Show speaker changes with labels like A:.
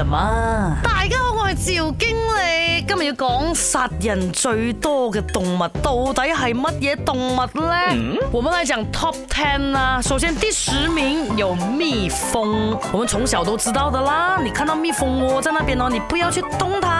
A: 什麼大家好，我係趙經理，今日要講殺人最多嘅動物，到底係乜嘢動物咧？嗯，我們來講 Top Ten 啦。首先第十名有蜜蜂，我們從小都知道的啦。你看到蜜蜂窩在那邊哦，你不要去動它。